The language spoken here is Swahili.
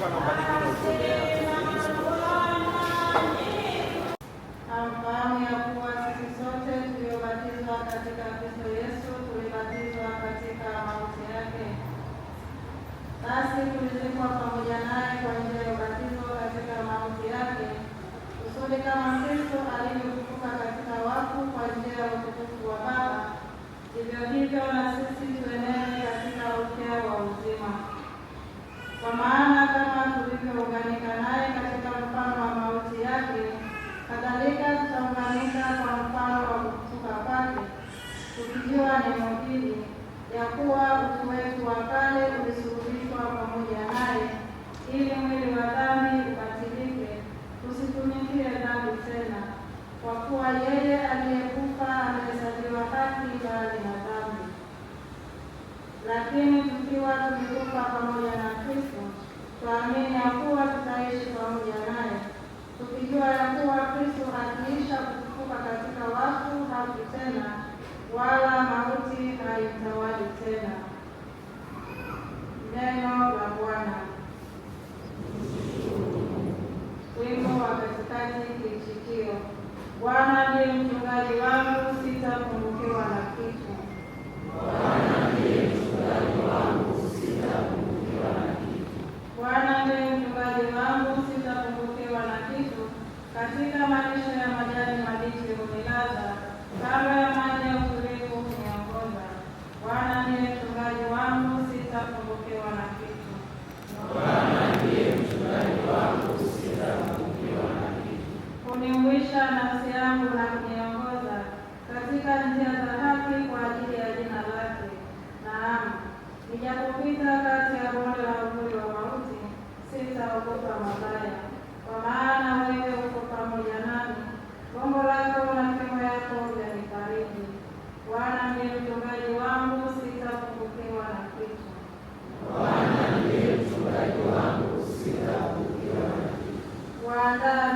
Amfahamu ya kuwa sisi sote tuliobatizwa katika Kristo Yesu tulibatizwa katika mauti yake, basi tulizikwa pamoja naye kwa njia ya ubatizo katika mauti yake, kusudi kama Kristo alivyofufuka katika wafu kwa njia ya utukufu wa Baba, vivyo hivyo na sisi tuenee kuwa neno hili ya kuwa utu wetu wa kale ulisulubishwa pamoja naye, ili mwili wa dhambi ubatilike, tusitumikie dhambi tena, kwa kuwa yeye aliyekufa amehesabiwa haki mbali na dhambi. Lakini tukiwa tumekufa pamoja na Kristo, twaamini ya kuwa tutaishi pamoja naye, tukijua ya kuwa Kristo akiisha kufufuka katika wafu, haki tena wala Neno la Bwana. Wimbo wa katikati kilichikio: Bwana ndiye mchungaji wangu, sitapungukiwa na kitu. Bwana ndiye mchungaji wangu, sitapungukiwa na kitu. Bwana ndiye mchungaji wangu, sitapungukiwa na kitu. Katika malisho ya majani mabichi hunilaza ya kupita kati ya bonde la uvuli wa mauti, sitaogopa mabaya, kwa maana wewe uko pamoja nami, gongo lako na fimbo yako vyanifariji. Bwana ndiye mchungaji wangu, sitapungukiwa na kitu. Bwana ndiye mchungaji wangu, sitapungukiwa na kitu.